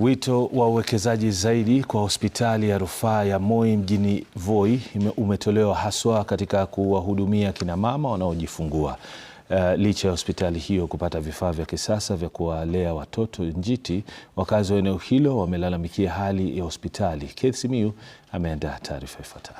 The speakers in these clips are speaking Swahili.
Wito wa uwekezaji zaidi kwa hospitali ya rufaa ya Moi mjini Voi umetolewa haswa katika kuwahudumia kina mama wanaojifungua. Uh, licha ya hospitali hiyo kupata vifaa vya kisasa vya kuwalea watoto njiti, wakazi wa eneo hilo wamelalamikia hali ya hospitali. Keith Simiyu ameandaa taarifa ifuatayo.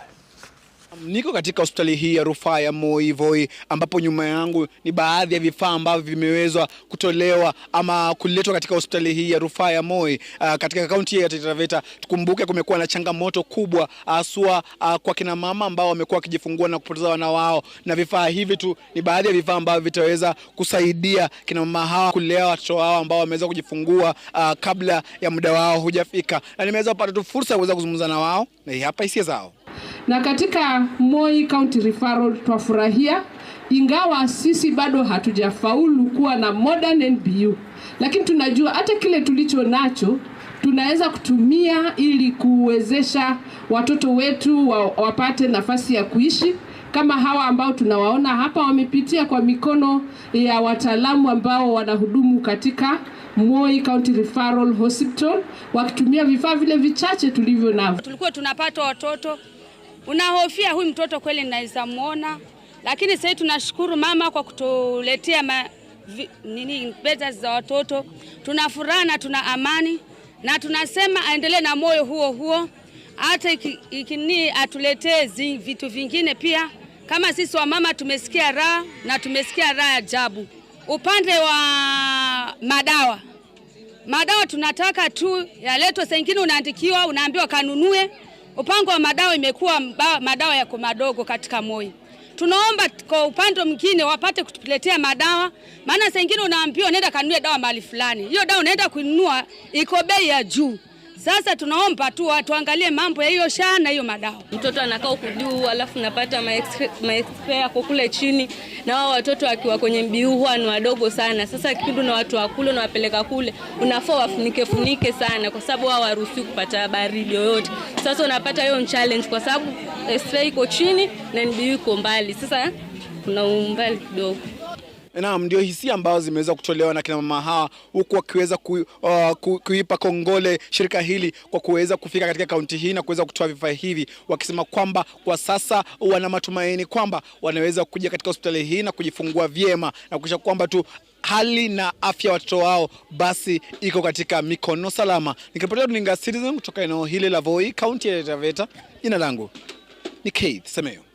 Niko katika hospitali hii ya rufaa ya Moi Voi ambapo nyuma yangu ni baadhi ya vifaa ambavyo vimewezwa kutolewa ama kuletwa katika hospitali hii ya rufaa ya Moi uh, katika kaunti ya Taita Taveta. Tukumbuke kumekuwa na changamoto kubwa haswa uh, kwa kina mama ambao wamekuwa wakijifungua na kupoteza wana wao, na vifaa hivi tu ni baadhi ya vifaa ambavyo vitaweza kusaidia kina mama hawa kulea watoto wao ambao wameweza kujifungua uh, kabla ya muda wao hujafika, na nimeweza kupata tu fursa ya kuweza kuzungumza na wao na hapa hisia zao na katika Moi County Referral twafurahia, ingawa sisi bado hatujafaulu kuwa na modern NBU, lakini tunajua hata kile tulicho nacho tunaweza kutumia ili kuwezesha watoto wetu wa, wapate nafasi ya kuishi kama hawa ambao tunawaona hapa wamepitia kwa mikono ya wataalamu ambao wanahudumu katika Moi County Referral Hospital wakitumia vifaa vile vichache tulivyo navyo. Tulikuwa tunapata watoto unahofia huyu mtoto kweli naweza muona, lakini sasa tunashukuru mama kwa kutuletea ma, vi, nini beta za watoto. Tuna furaha na tuna amani na tunasema aendelee na moyo huo huo, hata ikini atuletee vitu vingine pia. Kama sisi wamama tumesikia raha na tumesikia raha ajabu. Upande wa madawa, madawa tunataka tu yaletwe. Sengine unaandikiwa, unaambiwa kanunue Upango wa madawa imekuwa madawa yako madogo katika moyo. Tunaomba kwa upande mwingine wapate kutuletea madawa, maana saa ingine unaambiwa nenda kanunue dawa mahali fulani, hiyo dawa unaenda kununua iko bei ya juu. Sasa tunaomba tu tuangalie mambo ya hiyo shaa na hiyo madawa. Mtoto anakaa huku juu, alafu napata maexpea yako kule chini, na wao watoto akiwa kwenye mbiu huwa ni wadogo sana. Sasa kipindi na watu wakule unawapeleka kule, unafaa wafunike funike sana, kwa sababu wao hawaruhusiwi kupata baridi yoyote. Sasa unapata hiyo challenge, kwa sababu expea iko chini na mbiu iko mbali, sasa kuna umbali kidogo. Naam, ndio hisia ambazo zimeweza kutolewa na kina mama hawa huku wakiweza ku, uh, ku, kuipa kongole shirika hili kwa kuweza kufika katika kaunti hii na kuweza kutoa vifaa hivi, wakisema kwamba kwa sasa wana matumaini kwamba wanaweza kuja katika hospitali hii na kujifungua vyema na kuisha kwamba tu hali na afya watoto wao basi iko katika mikono salama. Nikiripotia runinga Citizen kutoka eneo hili la Voi, kaunti ya Taveta, jina langu ni Keith Semeo.